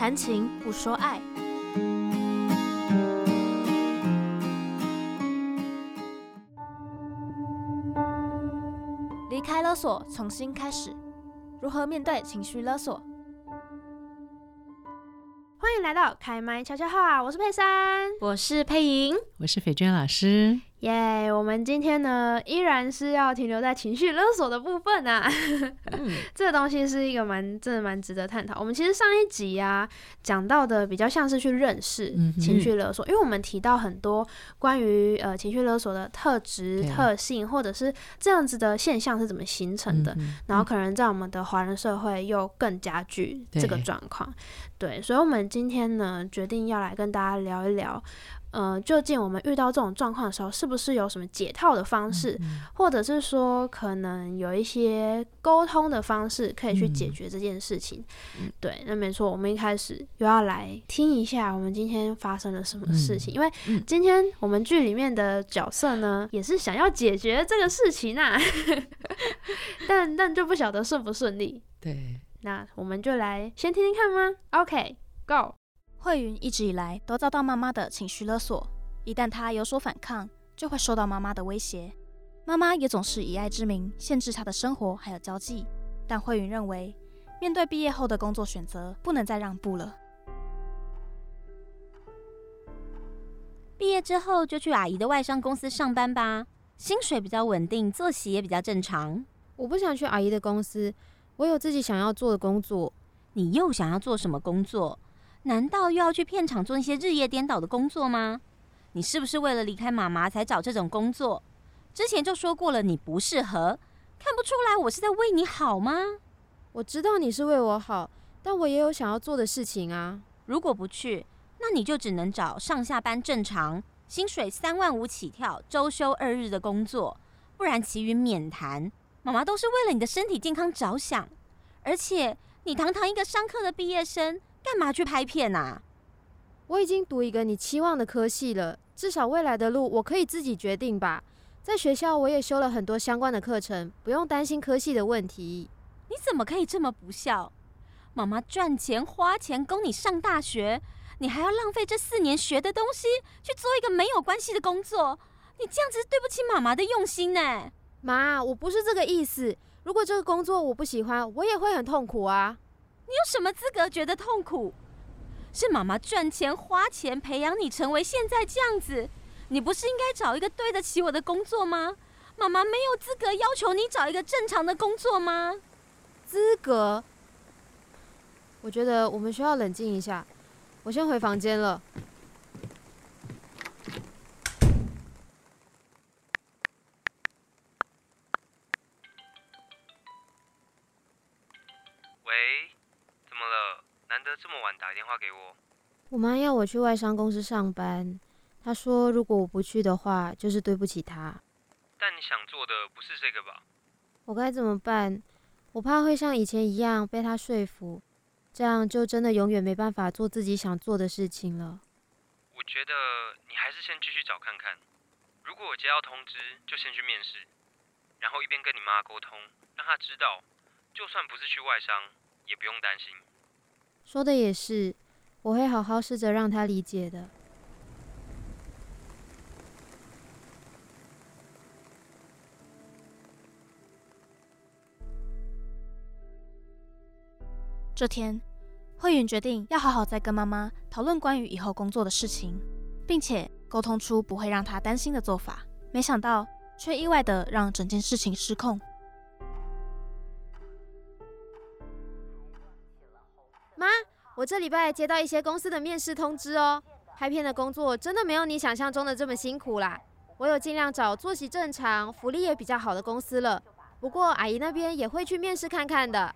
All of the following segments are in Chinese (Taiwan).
談情不說愛，離開勒索，從心開始，如何面對情緒勒索？歡迎來到開麥悄悄話、啊，我是佩珊，我是佩瑩，我是斐娟老師。耶，yeah, 我們今天呢依然是要停留在情緒勒索的部分啊。 嗯、這個東西是一個蠻真的蠻值得探討。我們其實上一集啊講到的比較像是去認識情緒勒索，嗯、哼因為我們提到很多關於呃情緒勒索的特質、啊、特性，或者是這樣子的現象是怎麼形成的，嗯、哼然後可能在我們的華人社會又更加劇這個狀況。對，對，所以我們今天呢決定要來跟大家聊一聊。呃，究竟我們遇到這種狀況的時候，是不是有什麼解套的方式，嗯嗯、或者是說可能有一些溝通的方式可以去解決這件事情？嗯嗯、對，那沒錯，我們一開始又要來聽一下我們今天發生了什麼事情，嗯、因為今天我們劇裡面的角色呢，也是想要解決這個事情吶、啊， 但但就不曉得順不順利。對，那我們就來先聽聽看嗎？OK，Go。Okay, go. 慧云一直以來都遭到媽媽的情緒勒索，一旦她有所反抗，就會受到媽媽的威脅。媽媽也總是以愛之名限制她的生活還有交際。但慧云認為，面對畢業後的工作選擇，不能再讓步了。畢業之後就去阿姨的外商公司上班吧，薪水比較穩定，作息也比較正常。我不想去阿姨的公司，我有自己想要做的工作。你又想要做什麼工作？難道又要去片場做那些日夜顛倒的工作嗎？你是不是為了離開媽媽才找這種工作？之前就說過了，你不適合，看不出來我是在為你好嗎？我知道你是為我好，但我也有想要做的事情啊。如果不去，那你就只能找上下班正常、薪水三萬五起跳、週休二日的工作，不然其餘免談。媽媽都是為了你的身體健康着想，而且你堂堂一個商科的畢業生。幹嘛去拍片啊？我已經讀一個你期望的科系了，至少未來的路我可以自己決定吧。在學校我也修了很多相關的課程，不用擔心科系的問題。你怎麼可以這麼不孝？媽媽賺錢花錢供你上大學，你還要浪費這四年學的東西去做一個沒有關係的工作？你這樣子對不起媽媽的用心呢。媽，我不是這個意思。如果這個工作我不喜歡，我也會很痛苦啊。你有什麼資格覺得痛苦？是媽媽賺錢花錢培養你成為現在這樣子，你不是應該找一個對得起我的工作嗎？媽媽沒有資格要求你找一個正常的工作嗎？資格？我覺得我們需要冷靜一下，我先回房間了。發給我。我媽要我去外商公司上班，她說如果我不去的話，就是對不起她。但你想做的不是這個吧？我該怎麼辦？我怕會像以前一樣被她說服，這樣就真的永遠沒辦法做自己想做的事情了。我覺得你還是先繼續找看看，如果我接到通知，就先去面試，然後一邊跟你媽溝通，讓她知道，就算不是去外商，也不用擔心。說的也是，我會好好試着讓他理解的。這天，慧允決定要好好再跟媽媽討論關於以後工作的事情，並且溝通出不會讓她擔心的做法。沒想到，卻意外的讓整件事情失控。我這禮拜接到一些公司的面試通知哦，拍片的工作真的沒有你想象中的這麼辛苦啦。我有盡量找作息正常、福利也比較好的公司了，不過阿姨那邊也會去面試看看的。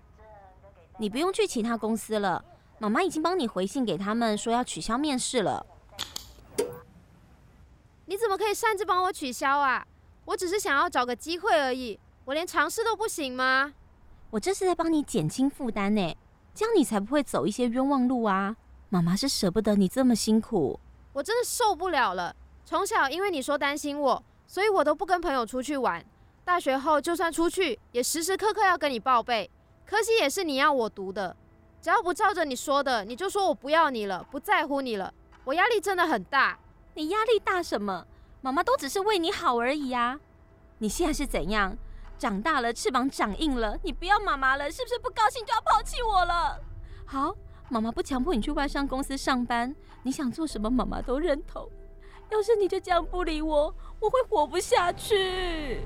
你不用去其他公司了，媽媽已經幫你回信給他們說要取消面試了。你怎麼可以擅自幫我取消啊？我只是想要找個機會而已，我連嘗試都不行嗎？我這是在幫你減輕負擔呢。這樣你才不會走一些冤枉路啊！媽媽是捨不得你這麼辛苦，我真的受不了了。從小因為你說擔心我，所以我都不跟朋友出去玩。大學後就算出去，也時時刻刻要跟你報備。科系也是你要我讀的，只要不照着你說的，你就說我不要你了，不在乎你了。我壓力真的很大。你壓力大什麼？媽媽都只是為你好而已啊！你現在是怎樣？長大了，翅膀長硬了，你不要媽媽了，是不是不高興就要拋棄我了？好，媽媽不強迫你去外商公司上班，你想做什麼，媽媽都認同。要是你就這樣不理我，我會活不下去。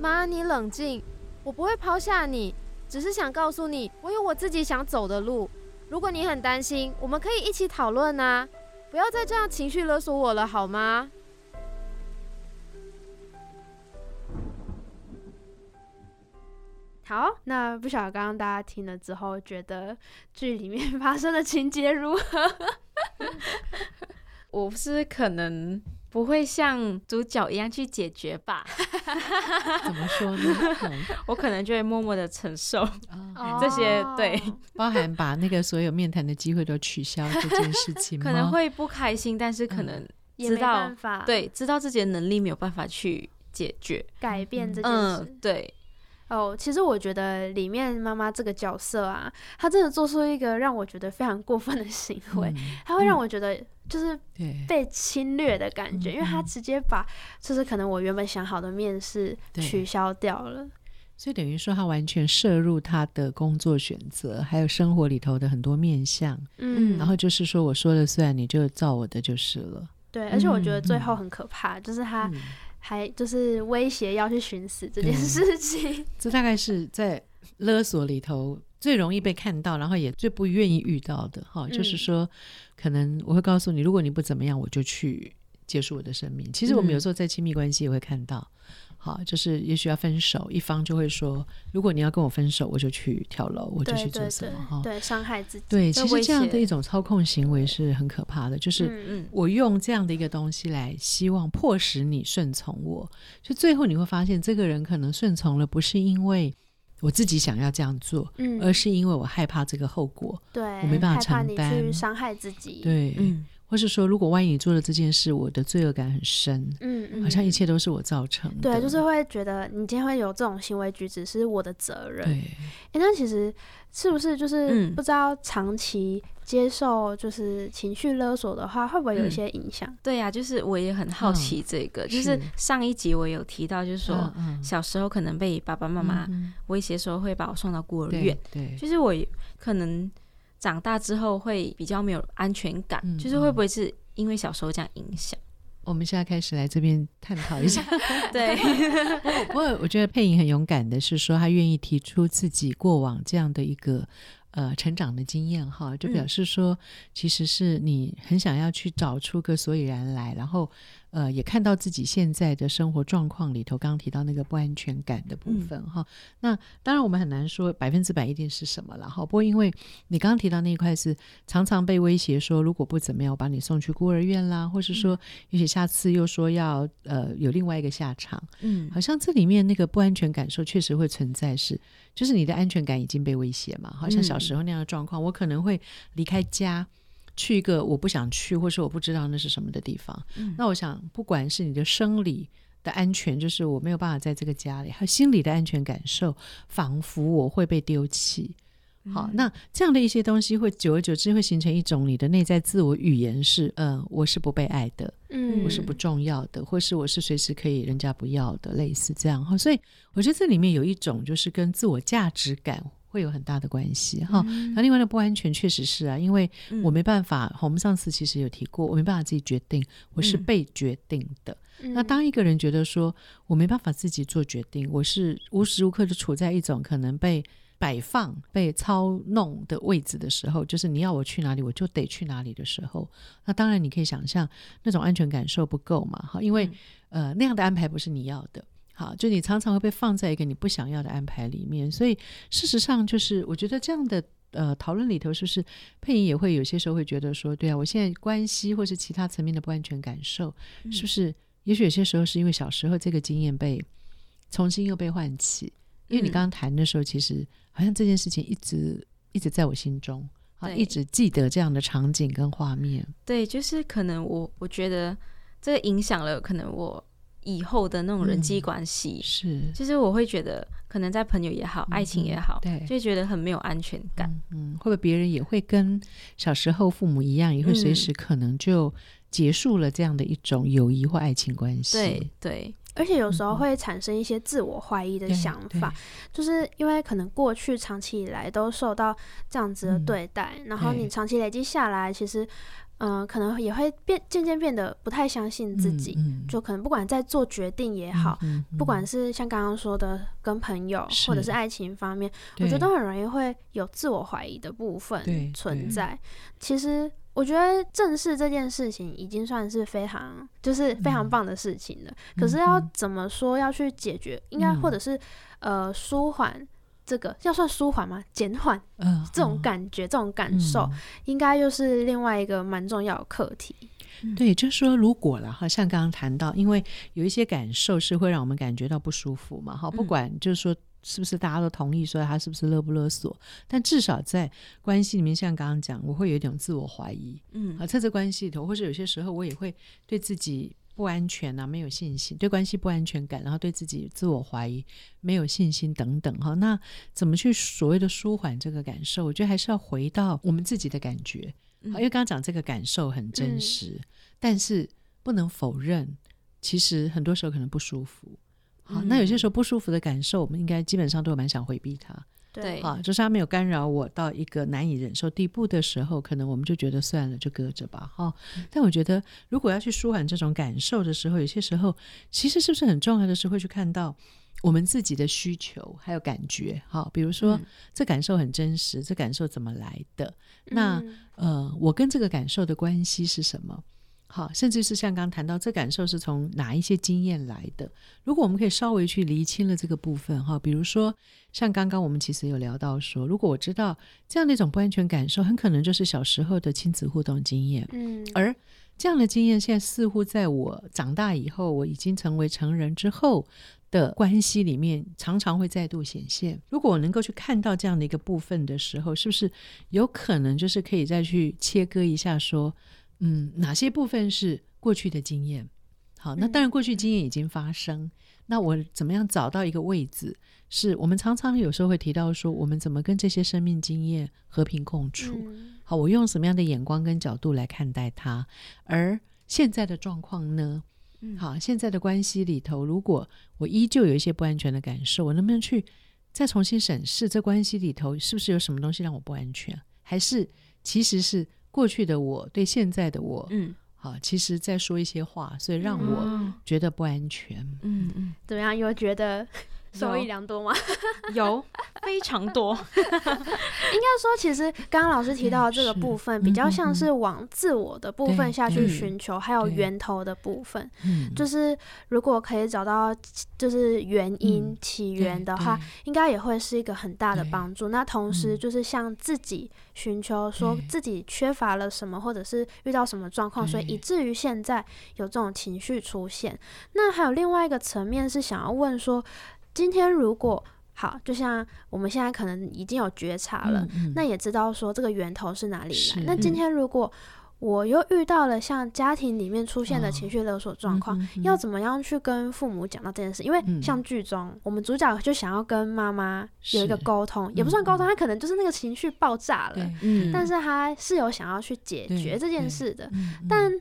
媽，你冷靜，我不會拋下你，只是想告訴你，我有我自己想走的路。如果你很擔心，我們可以一起討論啊！不要再這樣情緒勒索我了，好嗎？好，那不曉得剛剛大家聽了之後，覺得劇裡面發生的情節如何？嗯？我是可能不會像主角一樣去解決吧？怎麼說呢？嗯、 我可能就會默默的承受。這些，哦、對，包含把那個所有面談的機會都取消這件事情，哦， 可能會不開心，但是可能知道，嗯、對，知道自己的能力沒有辦法去解決改變這件事，嗯嗯，對。哦，其實我覺得裡面媽媽這個角色啊，她真的做出一個讓我覺得非常過分的行為，嗯、她會讓我覺得就是被侵略的感覺，對因為她直接把就是可能我原本想好的面試取消掉了，所以等於說她完全涉入她的工作選擇，還有生活裡頭的很多面向，嗯，然後就是說我說了算，你就照我的就是了，對，而且我覺得最後很可怕，嗯、就是她、嗯。還就是威脅要去尋死這件事情，這大概是在勒索裡頭最容易被看到， 然後也最不願意遇到的哈。嗯，就是說，可能我會告訴你，如果你不怎麼樣，我就去結束我的生命。其實我們有時候在親密關係也會看到。嗯嗯好，就是也許要分手，一方就會說：“如果你要跟我分手，我就去跳樓，我就去做什麼。”哈，對，傷害自己。對，其實這樣的一種操控行為是很可怕的。就是我用這樣的一個東西來希望迫使你順從我，嗯、就最後你會發現，這個人可能順從了，不是因為我自己想要這樣做，嗯、而是因為我害怕這個後果。對，我沒辦法承擔去傷害自己。對，嗯。或是說，如果萬一你做了這件事，我的罪惡感很深，嗯嗯，嗯好像一切都是我造成的。對，就是會覺得你今天會有這種行為舉止是我的責任。對。哎，那其實是不是就是不知道長期接受就是情緒勒索的話，嗯、會不會有一些影響？對呀、啊，就是我也很好奇這個。嗯、就是上一集我有提到，就是說是小時候可能被爸爸媽媽威脅說會把我送到孤兒院。對。就是我可能。長大之後會比較沒有安全感，嗯、就是會不會是因為小時候這樣影響？我們現在開始來這邊探討一下。對，不過我覺得佩瑩很勇敢的是說，他願意提出自己過往這樣的一個呃成長的經驗哈，就表示說其實是你很想要去找出個所以然來，然後。呃，也看到自己現在的生活狀況裡頭，剛剛提到那個不安全感的部分哈、嗯。那當然，我們很難說百分之百一定是什麼了哈。不過，因為你剛剛提到那一塊是常常被威脅說，如果不怎麼樣，我把你送去孤兒院啦，或是說，嗯、也許下次又說要呃有另外一個下場。嗯，好像這裡面那個不安全感，說確實會存在是，是就是你的安全感已經被威脅嘛。好像小時候那樣的狀況，嗯、我可能會離開家。去一個我不想去，或是我不知道那是什麼的地方。嗯、那我想，不管是你的生理的安全，就是我沒有辦法在這個家裡，還有心理的安全感受，仿佛我會被丟棄。好，嗯、那這樣的一些東西會久而久之會形成一種你的內在自我語言是：嗯，我是不被愛的，嗯，我是不重要的，或是我是隨時可以人家不要的，類似這樣。哈，所以我覺得這裡面有一種就是跟自我價值感。會有很大的關係哈，那、嗯、另外的不安全確實是啊，因為我沒辦法，嗯、我們上次其實有提過，我沒辦法自己決定，我是被決定的。嗯、那當一個人覺得說，我沒辦法自己做決定，嗯、我是無時無刻就處在一種可能被擺放、被操弄的位置的時候，就是你要我去哪裡，我就得去哪裡的時候，那當然你可以想象那種安全感受不夠嘛哈，因為、嗯、呃那樣的安排不是你要的。好，就你常常會被放在一個你不想要的安排裡面，所以事實上，就是我覺得這樣的呃討論裡頭，是不是配音也會有些時候會覺得說，對啊，我現在關係或是其他層面的不安全感受，嗯、是不是？也許有些時候是因為小時候這個經驗被重新又被喚起，嗯、因為你剛剛談的時候，其實好像這件事情一直一直在我心中好對，一直記得這樣的場景跟畫面。對，就是可能我我覺得這個影響了，可能我。以後的那種人際關係、嗯、是，其實我會覺得，可能在朋友也好，嗯、愛情也好，對，就會覺得很沒有安全感嗯。嗯，會不會別人也會跟小時候父母一樣，嗯、也會隨時可能就結束了這樣的一種友誼或愛情關係？對對，而且有時候會產生一些自我懷疑的想法，嗯、就是因為可能過去長期以來都受到這樣子的對待，嗯、然後你長期累積下來，對其實。嗯、呃，可能也會變，漸漸變得不太相信自己，嗯嗯、就可能不管在做決定也好，嗯嗯、不管是像剛剛說的跟朋友或者是愛情方面，是我覺得都很容易會有自我懷疑的部分存在。其實我覺得正視這件事情已經算是非常，就是非常棒的事情了。嗯、可是要怎麼說要去解決，應該或者是、嗯、呃舒緩。這個要算舒緩嗎？減緩，嗯、呃，這種感覺、嗯、這種感受，應該又是另外一個蠻重要的課題。嗯、對，就是說，如果了，哈，像剛剛談到，因為有一些感受是會讓我們感覺到不舒服嘛，哈，不管就是說，是不是大家都同意說他是不是勒不勒索，嗯、但至少在關係裡面，像剛剛講，我會有一種自我懷疑，嗯，啊，在這關係裡頭，或者有些時候，我也會對自己。不安全吶、啊，沒有信心，對關係不安全感，然後對自己自我懷疑，沒有信心等等哈。那怎麼去所謂的舒緩這個感受？我覺得還是要回到我們自己的感覺，好，因為剛剛講這個感受很真實，嗯、但是不能否認，其實很多時候可能不舒服。好，嗯、那有些時候不舒服的感受，我們應該基本上都蠻想回避它。對啊、哦，就是他沒有干擾我到一個難以忍受地步的時候，可能我們就覺得算了，就擱着吧哈、哦。但我覺得，如果要去舒緩這種感受的時候，有些時候其實是不是很重要的，是會去看到我們自己的需求還有感覺哈、哦。比如說，嗯、這感受很真實，這感受怎麼來的？嗯、那呃，我跟這個感受的關係是什麼？好，甚至是像剛談到這感受是從哪一些經驗來的？如果我們可以稍微去釐清了這個部分，哈，比如說像剛剛我們其實有聊到說，如果我知道這樣的一種不安全感受，很可能就是小時候的親子互動經驗，嗯，而這樣的經驗現在似乎在我長大以後，我已經成為成人之後的關係裡面常常會再度顯現。如果我能夠去看到這樣的一個部分的時候，是不是有可能就是可以再去切割一下說，嗯，哪些部分是過去的經驗？好，那當然，過去經驗已經發生。嗯，那我怎麼樣找到一個位置？是我們常常有時候會提到說，我們怎麼跟這些生命經驗和平共處？好，我用什麼樣的眼光跟角度來看待它？而現在的狀況呢？嗯，好，現在的關係裡頭，如果我依舊有一些不安全的感受，我能不能去再重新審視這關係裡頭是不是有什麼東西讓我不安全？還是其實是？過去的我對現在的我，嗯，好、啊，其實在說一些話，所以讓我覺得不安全。嗯嗯，嗯嗯怎麼樣？有覺得？ 受益良多嗎？有非常多， 應該說，其實剛剛老師提到的這個部分，比較像是往自我的部分下去尋求，還有源頭的部分，就是如果可以找到就是原因起源的話，應該也會是一個很大的幫助。那同時就是向自己尋求，說自己缺乏了什麼，或者是遇到什麼狀況，所以以至於現在有這種情緒出現。那還有另外一個層面是想要問說。今天如果好，就像我們現在可能已經有覺察了，嗯嗯、那也知道說這個源頭是哪裡來。嗯、那今天如果我又遇到了像家庭裡面出現的情緒勒索狀況，哦嗯嗯嗯、要怎麼樣去跟父母講到這件事？因為像劇中我們主角就想要跟媽媽有一個溝通，是也不算溝通，嗯、他可能就是那個情緒爆炸了，嗯、但是他是有想要去解決這件事的，嗯嗯、但。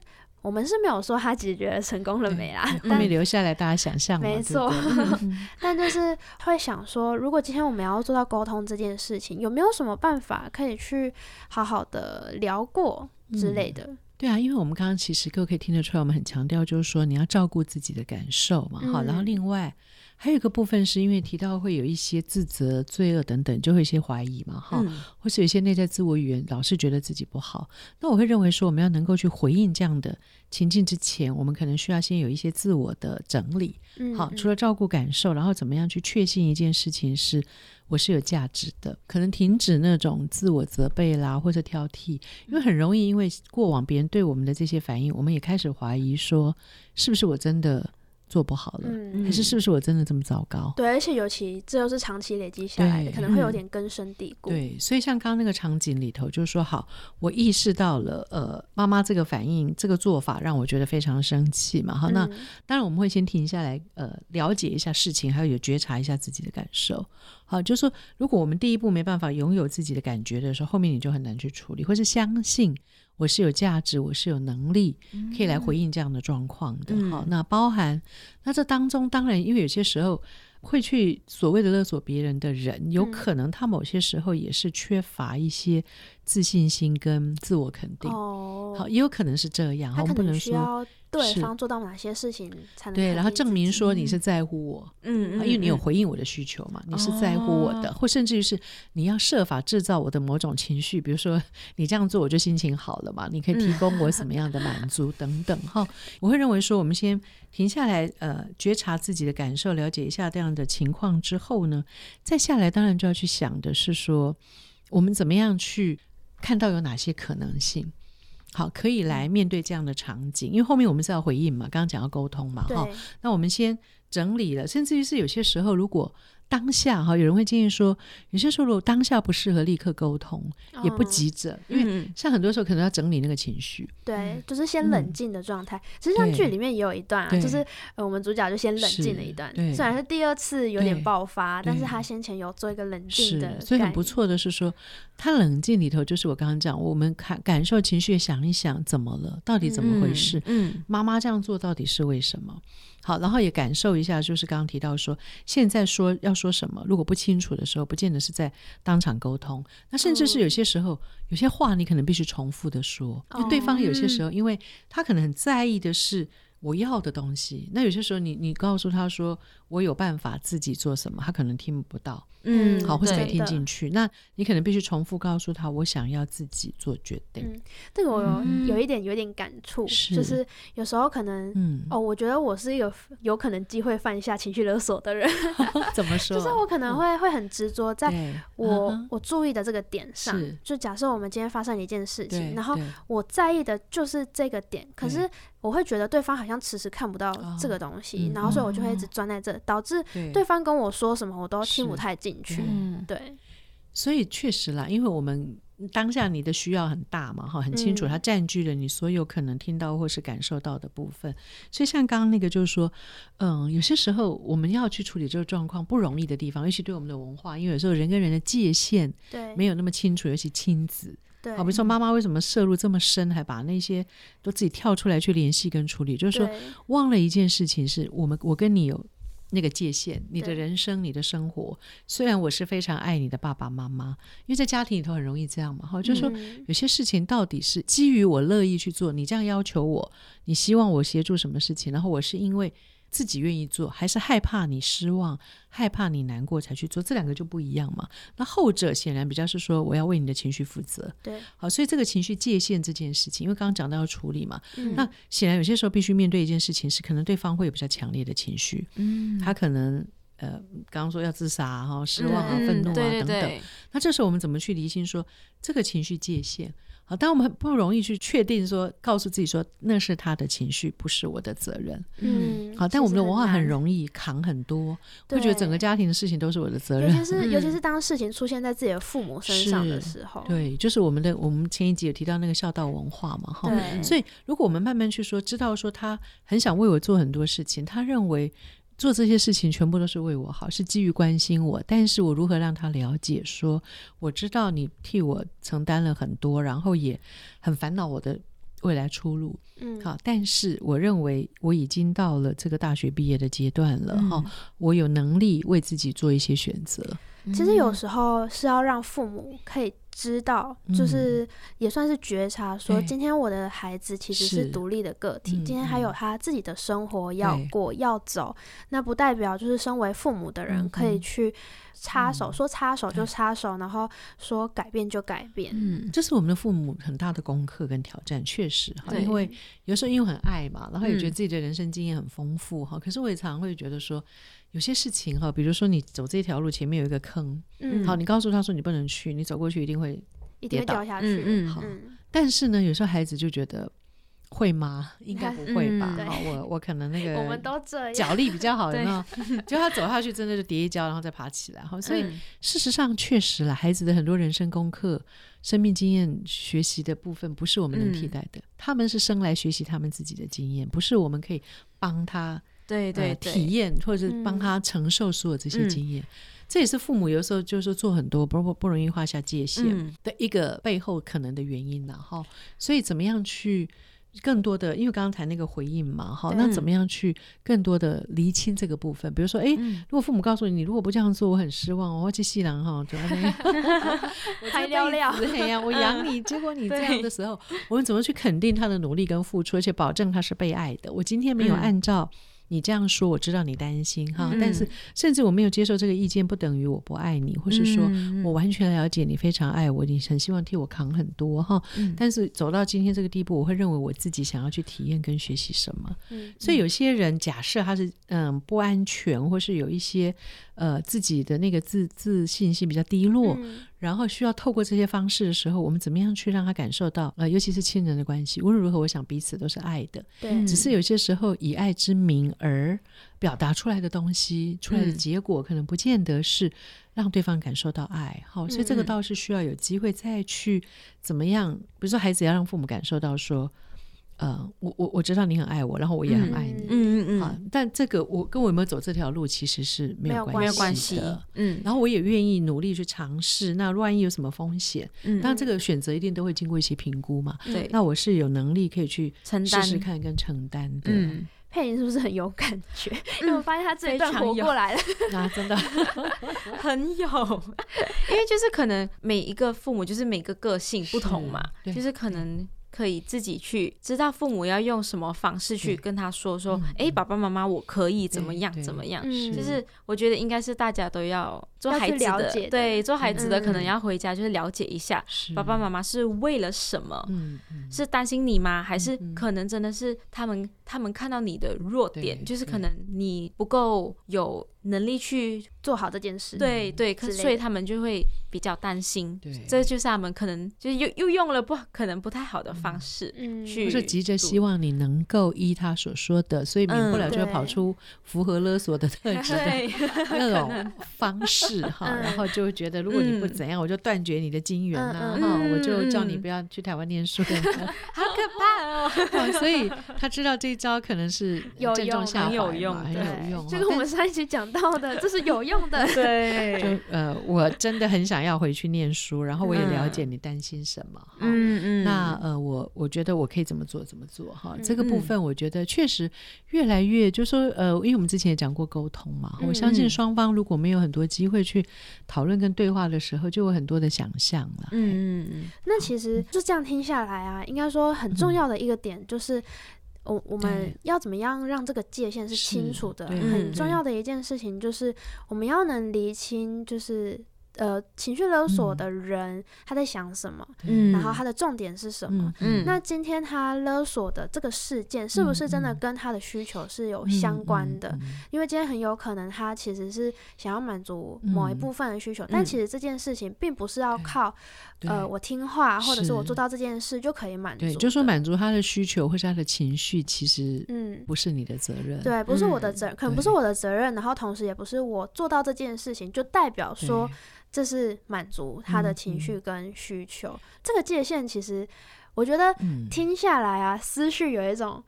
我們是沒有說他解決成功了沒啦，嗯、但後面留下來大家想象嘛，沒錯。但就是會想說，如果今天我們要做到溝通這件事情，有沒有什麼辦法可以去好好的聊過之類的？嗯、對啊，因為我們剛剛其實各位可以聽得出來，我們很強調就是說你要照顧自己的感受嘛。好，然後另外。嗯還有一個部分是因為提到會有一些自責、罪惡等等，就會有一些懷疑嘛，哈、嗯，或是有一些內在自我語言，老是覺得自己不好。那我會認為說，我們要能夠去回應這樣的情境之前，我們可能需要先有一些自我的整理。嗯、好，除了照顧感受，然後怎麼樣去確信一件事情是我是有價值的？可能停止那種自我責備啦，或者挑剔，因為很容易因為過往別人對我們的這些反應，我們也開始懷疑說，是不是我真的？做不好了，嗯、還是是不是我真的這麼糟糕？對，而且尤其這又是長期累積下來的，對可能會有點根深蒂固、嗯。對，所以像剛剛那個場景裡頭，就是、說好，我意識到了，呃，媽媽這個反應、這個做法讓我覺得非常生氣嘛。好，那、嗯、當然我們會先停下來，呃，了解一下事情，還有覺察一下自己的感受。好，就是說，如果我們第一步沒辦法擁有自己的感覺的時候，後面你就很難去處理，或是相信我是有價值，我是有能力可以來回應這樣的狀況的。好，那包含那這當中，當然，因為有些時候會去所謂的勒索別人的人，有可能他某些時候也是缺乏一些自信心跟自我肯定。哦，好，也有可能是這樣，我們不能說。對方做到哪些事情才能對？然後證明說你是在乎我，嗯，嗯，嗯，因為你有回應我的需求嘛，嗯嗯，你是在乎我的，哦、或甚至於是你要設法制造我的某種情緒，比如說你這樣做我就心情好了嘛，嗯、你可以提供我什麼樣的滿足等等哈、嗯。 我會認為說，我們先停下來，呃，覺察自己的感受，了解一下這樣的情況之後呢，再下來當然就要去想的是說，我們怎麼樣去看到有哪些可能性。好，可以來面對這樣的場景，嗯、因為後面我們是要回應嘛，剛剛講要溝通嘛，哈對、哦，那我們先整理了，甚至於是有些時候，如果。當下哈，有人會建議說，有些時候如果當下不適合立刻溝通，哦、也不急着，因為像很多時候可能要整理那個情緒，嗯、對，就是先冷靜的狀態。嗯、其實像劇裡面也有一段啊，對就是、呃、我們主角就先冷靜了一段，對雖然是第二次有點爆發，對但是他先前有做一個冷靜，的，所以很不錯的是說，他冷靜裡頭就是我剛剛講，我們看感受情緒，想一想怎麼了，到底怎麼回事？嗯，媽、嗯、媽這樣做到底是為什麼？好，然後也感受一下，就是剛剛提到說，現在說要。說什麼？如果不清楚的時候，不見得是在當場溝通。那甚至是有些時候，哦、有些話你可能必須重複的說，哦、因為對方有些時候，嗯、因為他可能很在意的是。我要的東西。那有些時候，你你告訴他說，我有辦法自己做什麼，他可能聽不到，嗯，好，或者沒聽進去。那你可能必須重複告訴他，我想要自己做決定。這個我有一點有點感觸，就是有時候可能，嗯，哦，我覺得我是一個有可能機會犯下情緒勒索的人。怎麼說？就是我可能會會很執着在我我注意的這個點上。就假設我們今天發生一件事情，然後我在意的就是這個點，可是。我會覺得對方好像遲遲看不到這個東西，哦嗯、然後所以我就會一直鑽在這，嗯、導致對方跟我說什麼我都聽不太進去。對，所以確實啦，因為我們當下你的需要很大嘛，哈，很清楚，它占據了你所有可能聽到或是感受到的部分。嗯、所以像剛剛那個，就是說，嗯，有些時候我們要去處理這個狀況不容易的地方，尤其對我們的文化，因為有時候人跟人的界限對沒有那麼清楚，對尤其親子。好對、哦，比如說媽媽為什麼涉入這麼深，還把那些都自己跳出來去聯繫跟處理，就是說對忘了一件事情，是我們我跟你有那個界限。對你的人生，你的生活，雖然我是非常愛你的爸爸媽媽，因為在家庭裡頭很容易這樣嘛，哈、哦，就是、說、嗯、有些事情到底是基於我樂意去做，你這樣要求我，你希望我協助什麼事情，然後我是因為。自己願意做，還是害怕你失望、害怕你難過才去做？這兩個就不一樣嘛。那後者顯然比較是說，我要為你的情緒負責。對，好，所以這個情緒界限這件事情，因為剛剛講到要處理嘛，嗯、那顯然有些時候必須面對一件事情，是可能對方會有比較強烈的情緒，嗯，他可能呃，剛剛說要自殺哈、啊，失望啊、嗯、憤怒啊、嗯、等等，對對那這時候我們怎麼去理清說這個情緒界限？好，但我們很不容易去確定說，告訴自己說那是他的情緒，不是我的責任。嗯，好，但我們的文化很容易扛很多，嗯、會覺得整個家庭的事情都是我的責任。尤其是尤其是當事情出現在自己的父母身上的時候，嗯、對，就是我們的我們前一集有提到那個孝道文化嘛，哈，對所以如果我們慢慢去說，知道說他很想為我做很多事情，他認為。做這些事情全部都是為我好，是基於關心我。但是我如何讓他了解，說我知道你替我承擔了很多，然後也很煩惱我的未來出路。嗯，好，但是我認為我已經到了這個大學畢業的階段了，哈、嗯，我有能力為自己做一些選擇。其實有時候是要讓父母可以。知道，就是也算是覺察，說今天我的孩子其實是獨立的個體，嗯嗯嗯、今天還有他自己的生活要過對要走，那不代表就是身為父母的人可以去插手，嗯、說插手就插手，對然後說改變就改變，嗯，這是我們的父母很大的功課跟挑戰，確實哈，對因為有時候因為很愛嘛，然後也覺得自己的人生經驗很豐富哈，嗯、可是我也常常會覺得說。有些事情哈，比如說你走這條路前面有一個坑，嗯，好，你告訴他說你不能去，你走過去一定會跌倒會掉下去，嗯好，嗯，但是呢，有時候孩子就覺得會嗎？應該不會吧？嗯、好，對我我可能那個腳力比較好的呢，就他走下去真的就跌一跤，然後再爬起來。好，所以事實上確實啦，孩子的很多人生功課、生命經驗學習的部分，不是我們能替代的。嗯、他們是生來學習他們自己的經驗，不是我們可以幫他。對，對對，呃、體驗或者是幫他承受所有這些經驗，嗯嗯、這也是父母有時候就是做很多不不不容易畫下界限的一個背後可能的原因呢。哈、嗯哦，所以怎麼樣去更多的？因為剛才那個回應嘛，哈、哦，對那怎麼樣去更多的釐清這個部分？嗯、比如說，哎，如果父母告訴你，你如果不這樣做，我很失望，我會去氣你，哈、哦，怎麼樣？太撩了、嗯，怎麼樣？我養你，嗯、結果你這樣的時候，對我們怎麼去肯定他的努力跟付出，而且保證他是被愛的？我今天沒有按照、嗯。你這樣說，我知道你擔心哈，但是甚至我沒有接受這個意見，不等於我不愛你，或是說我完全了解你非常愛我，你很希望替我扛很多哈。但是走到今天這個地步，我會認為我自己想要去體驗跟學習什麼。所以有些人假設他是嗯、呃，不安全，或是有一些呃自己的那個自自信心比較低落。然後需要透過這些方式的時候，我們怎麼樣去讓他感受到？呃，尤其是親人的關係，無論如何，我想彼此都是愛的。對，只是有些時候以愛之名而表達出來的東西，出來的結果可能不見得是讓對方感受到愛。嗯、好，所以這個倒是需要有機會再去怎麼樣？比如說，孩子要讓父母感受到說。嗯，我我我知道你很愛我，然後我也很愛你，嗯嗯好，但這個我跟我有沒有走這條路其實是沒有關係的，嗯。然後我也願意努力去嘗試。那萬一有什麼風險，當然這個選擇一定都會經過一些評估嘛？對。那我是有能力可以去承擔、試試看跟承擔的。嗯，斐娟是不是很有感覺？因為我發現她這一段活過來了，那真的很有。因為就是可能每一個父母就是每個個性不同嘛，就是可能。可以自己去知道父母要用什麼方式去跟他說對說，誒、嗯欸，爸爸媽媽，我可以怎麼樣怎麼樣？就是我覺得應該是大家都要。做孩子的、的對，做孩子的可能要回家就是了解一下，爸爸媽媽是為了什麼？是，是擔心你嗎？還是可能真的是他們他們看到你的弱點，對就是可能你不夠有能力去做好這件事？對對、對，所以他們就會比較擔心。對，這就是他們可能就又又用了不可能不太好的方式去，嗯、是急着希望你能夠依他所說的，所以免不了就要跑出符合勒索的特質的那種方式。 是哈，然後就覺得如果你不怎樣，我就斷絕你的金援啦哈，我就叫你不要去台灣念書，好可怕哦。所以他知道這一招可能是有用，很有用，很有用。這個我們上一集講到的，這是有用的。對，就呃，我真的很想要回去念書，然後我也了解你擔心什麼哈。嗯嗯。那呃，我我覺得我可以怎麼做怎麼做哈。這個部分我覺得確實越來越就是說呃，因為我們之前也講過溝通嘛，我相信雙方如果沒有很多機會。會去討論跟對話的時候，就有很多的想象了。嗯嗯嗯，那其實就這樣聽下來啊，應該說很重要的一個點就是，嗯、我我們要怎麼樣讓這個界限是清楚的？很重要的一件事情就是，我們要能釐清，就是。呃，情緒勒索的人他在想什麼？嗯，然後他的重點是什麼？嗯，那今天他勒索的這個事件是不是真的跟他的需求是有相關的？因為今天很有可能他其實是想要滿足某一部分的需求，但其實這件事情並不是要靠呃我聽話或者是我做到這件事就可以滿足。對，就說滿足他的需求或是他的情緒，其實嗯不是你的責任。對，不是我的責，可能不是我的責任。然後同時也不是我做到這件事情就代表說。這是滿足他的情緒跟需求，嗯嗯、這個界限其實，我覺得聽下來啊，嗯、思緒有一種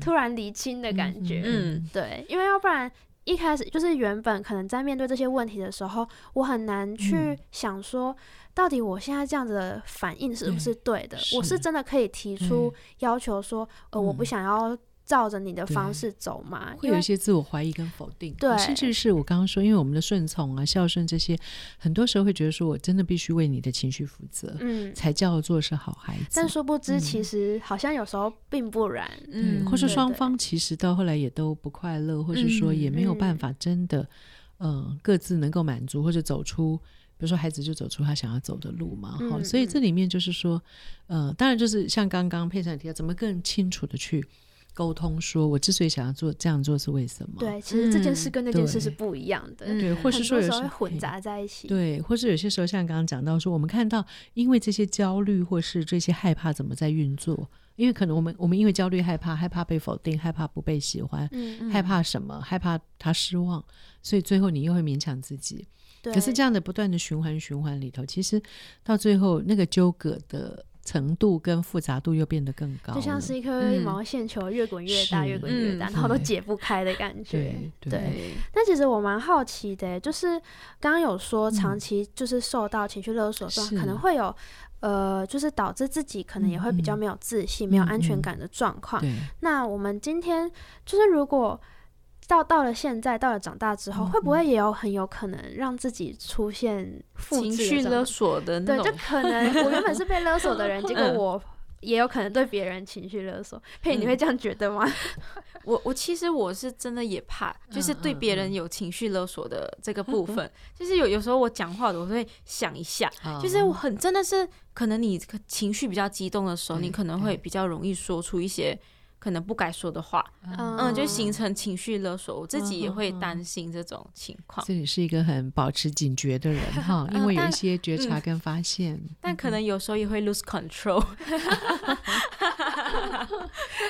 突然釐清的感覺。嗯，嗯嗯嗯對，因為要不然一開始就是原本可能在面對這些問題的時候，我很難去想說，到底我現在這樣子的反應是不是對的？嗯、我是真的可以提出要求說，嗯、呃，我不想要。照着你的方式走嘛，會有一些自我懷疑跟否定，對，甚至是我剛剛說，因為我們的順從啊、孝順這些，很多時候會覺得說我真的必須為你的情緒負責，嗯，才叫做是好孩子。但殊不知，其實好像有時候並不然，嗯，或是雙方其實到後來也都不快樂，或是說也沒有辦法真的，嗯，各自能夠滿足，或者走出，比如說孩子就走出他想要走的路嘛。好，所以這裡面就是說，嗯，當然就是像剛剛佩珊提到，怎麼更清楚的去。溝通說，說我之所以想要做這樣做是為什麼？對，其實這件事跟那件事是不一樣的。嗯、對，或是說有時候混雜在一起、嗯。對，或是有些時候像剛剛講到說，我們看到因為這些焦慮或是這些害怕怎麼在運作？因為可能我們我們因為焦慮害怕，害怕被否定，害怕不被喜歡，嗯嗯、害怕什麼？害怕他失望，所以最後你又會勉強自己。對。可是這樣的不斷的循環循環裡頭，其實到最後那個糾葛的。程度跟複雜度又變得更高，就像是一顆毛線球越滾越、越、越大，越滾越大，嗯、然後都解不開的感覺。對，對。對對，但其實我蠻好奇的，就是剛剛有說長期就是受到情緒勒索，說、嗯、可能會有呃，就是導致自己可能也會比較沒有自信、嗯、沒有安全感的狀況。嗯嗯、那我們今天就是如果，到到了現在，到了長大之後，嗯嗯會不會也有很有可能讓自己出現情緒勒索的那種？對，就可能我原本是被勒索的人， 結果我也有可能對別人情緒勒索。嘿、嗯，你會這樣覺得嗎？我我其實我是真的也怕，嗯嗯嗯就是對別人有情緒勒索的這個部分，嗯嗯就是有有時候我講話的，我會想一下，嗯嗯就是我很真的是可能你情緒比較激動的時候，嗯嗯嗯你可能會比較容易說出一些。可能不該說的話，嗯，嗯，就形成情緒勒索。我自己也會擔心這種情況。自己、嗯、是一個很保持警覺的人哈， 嗯、因為有一些覺察跟發現。嗯嗯、但可能有時候也會 lose control，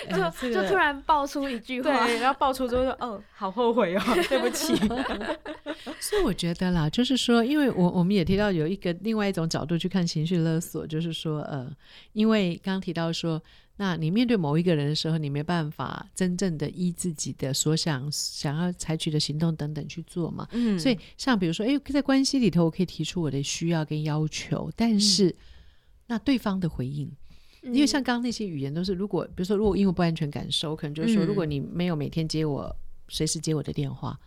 就的就突然爆出一句話，然後爆出之後就說：“哦、 嗯，好後悔哦，對不起。 ” 所以我覺得啦，就是說，因為我我們也提到有一個另外一種角度去看情緒勒索，就是說，呃，因為剛剛提到說。那你面對某一個人的時候，你沒辦法真正的依自己的所想想要採取的行動等等去做嘛？嗯。所以像比如說，哎，在關係裡頭，我可以提出我的需要跟要求，但是，嗯。那對方的回應，嗯。因為像剛剛那些語言都是，如果比如說，如果因為我不安全感受，我可能就是說，如果你沒有每天接我，嗯。隨時接我的電話，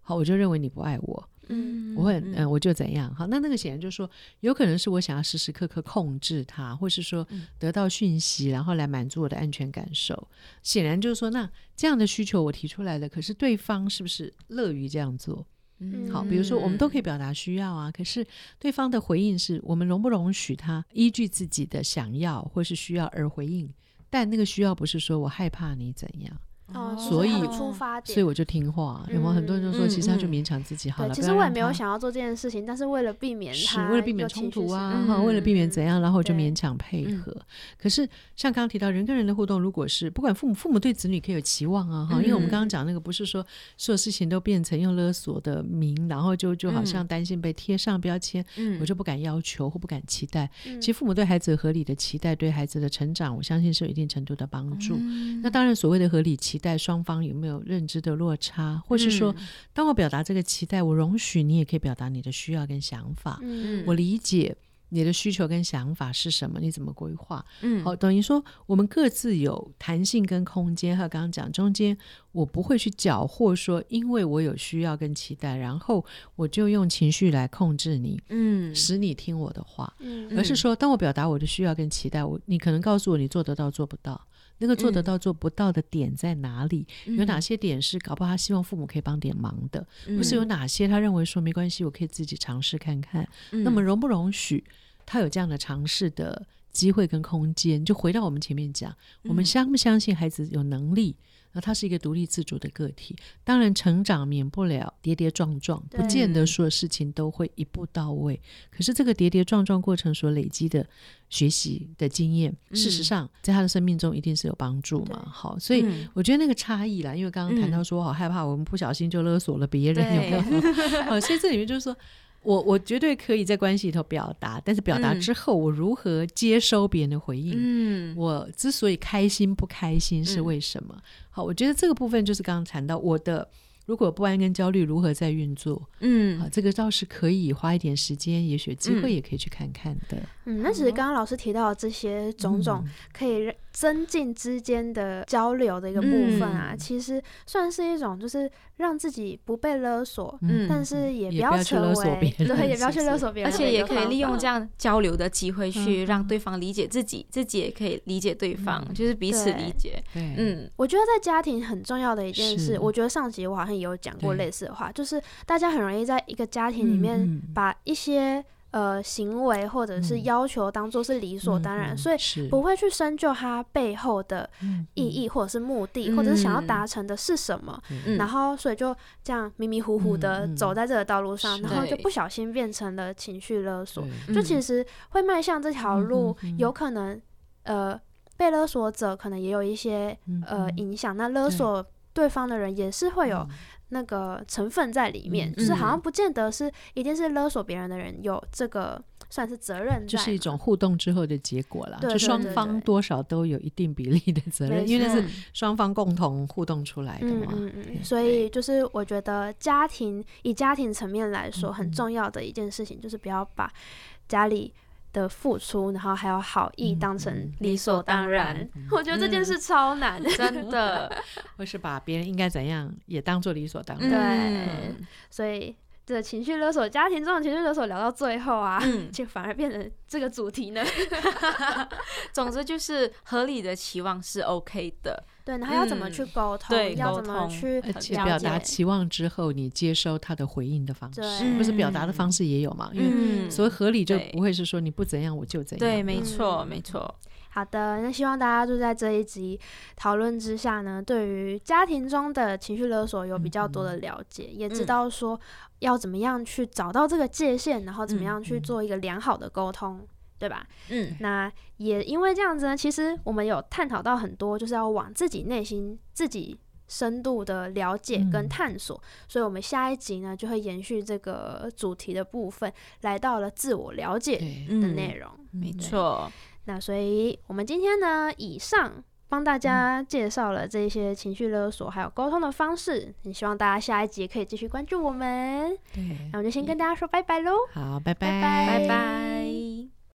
好，我就認為你不愛我。嗯，我會嗯、呃，我就怎樣？好，那那個顯然就是說，有可能是我想要時時刻刻控制他，或是說得到訊息，然後來滿足我的安全感受。顯然就是說，那這樣的需求我提出來了，可是對方是不是樂於這樣做？嗯，好，比如說我們都可以表達需要啊，可是對方的回應是我們容不容許他依據自己的想要或是需要而回應。但那個需要不是說我害怕你怎樣。哦，所以出發點，所以我就聽話，有沒有？很多人都說，其實他就勉強自己好了。其實我也沒有想要做這件事情，但是為了避免他，為了避免衝突啊，為了避免怎樣，然後我就勉強配合。可是像剛剛提到人跟人的互動，如果是不管父母，父母對子女可以有期望啊，哈，因為我們剛剛講那個，不是說所有事情都變成用勒索的名，然後就就好像擔心被貼上標籤，我就不敢要求或不敢期待。其實父母對孩子合理的期待，對孩子的成長，我相信是有一定程度的幫助。那當然，所謂的合理期。期待雙方有沒有認知的落差，或是說，當我表達這個期待，我容許你也可以表達你的需要跟想法。嗯、我理解你的需求跟想法是什麼，你怎麼規劃？嗯、好，等於說我們各自有彈性跟空間。和剛剛講中間，我不會去攪和說，因為我有需要跟期待，然後我就用情緒來控制你，嗯、使你聽我的話。嗯、而是說，當我表達我的需要跟期待，我你可能告訴我你做得到做不到，那個做得到做不到的點在哪裡？嗯、有哪些點是搞不好他希望父母可以幫點忙的？嗯、或是有哪些他認為說沒關係，我可以自己嘗試看看？嗯、那麼容不容許他有這樣的嘗試的機會跟空間？就回到我們前面講，我們相不相信孩子有能力？嗯嗯那他是一個獨立自主的個體，當然成長免不了跌跌撞撞，不見得所有事情都會一步到位。對可是這個跌跌撞撞過程所累積的學習的經驗，嗯、事實上在他的生命中一定是有幫助嘛。對好，所以我覺得那個差異啦，因為剛剛談到說好害怕，我們不小心就勒索了別人有，有沒有？好、 哦，所以這裡面就是說。我我絕對可以在關係裡頭表達，但是表達之後我如何接收別人的回應？嗯，我之所以開心不開心是為什麼？嗯、好，我覺得這個部分就是剛剛談到我的，如果不安跟焦慮如何在運作？嗯，好、啊，這個倒是可以花一點時間，也許機會也可以去看看的。嗯，嗯，那其實剛剛老師提到的這些種種可以增進之間的交流的一個部分啊，嗯、其實算是一種就是。讓自己不被勒索，嗯、但是也不要成為，也不要去勒索別人，也不要去勒索別人，是不是？而且也可以利用這樣交流的機會去讓對方理解自己，嗯、自己也可以理解對方，嗯、就是彼此理解。對嗯，對我覺得在家庭很重要的一件事，是我覺得上集我好像也有講過類似的話，對就是大家很容易在一個家庭裡面把一些。呃，行為或者是要求當做是理所當然，嗯嗯嗯、所以不會去深究它背後的意義或者是目的，嗯嗯、或者是想要達成的是什麼。嗯嗯、然後，所以就這樣迷迷糊糊的走在這個道路上，嗯嗯、然後就不小心變成了情緒勒索。對就其實會邁向這條路，嗯、有可能呃，被勒索者可能也有一些、嗯嗯、呃影響，那勒索對方的人也是會有。那個成分在裡面，嗯嗯，就是好像不見得是一定是勒索別人的人有這個算是責任，就是一種互動之後的結果啦，對對對對，就雙方多少都有一定比例的責任，沒錯，因為那是雙方共同互動出來的嘛。所以就是我覺得家庭以家庭層面來說，很重要的一件事情就是不要把家裡。的付出，然後還有好意，當成理所當然，嗯、理所當然我覺得這件事超難，嗯、真的。 會是把別人應該怎樣，也當做理所當然，嗯嗯、對，所以。的情緒勒索，家庭中的情緒勒索，聊到最後啊，嗯、就反而變成這個主題呢。 總之就是合理的期望是 OK 的，對，然後要怎麼去溝通，嗯、要怎麼去通表達期望之後，你接收他的回應的方式，嗯、不是表達的方式也有嘛？嗯、因為所謂合理就不會是說你不怎樣我就怎樣，嗯，對，沒錯，沒錯。好的，那希望大家就在這一集討論之下呢，對於家庭中的情緒勒索有比較多的了解，嗯、也知道說要怎麼樣去找到這個界限，然後怎麼樣去做一個良好的溝通，嗯、對吧？嗯，那也因為這樣子呢，其實我們有探討到很多，就是要往自己內心、自己深度的了解跟探索。嗯、所以，我們下一集呢，就會延續這個主題的部分，來到了自我了解的內容。嗯、對沒錯。那所以，我們今天呢，以上幫大家介紹了這一些情緒勒索，還有溝通的方式。也希望大家下一集可以繼續關注我們。對那我就先跟大家說拜拜嘍。好，拜拜，拜拜。拜拜。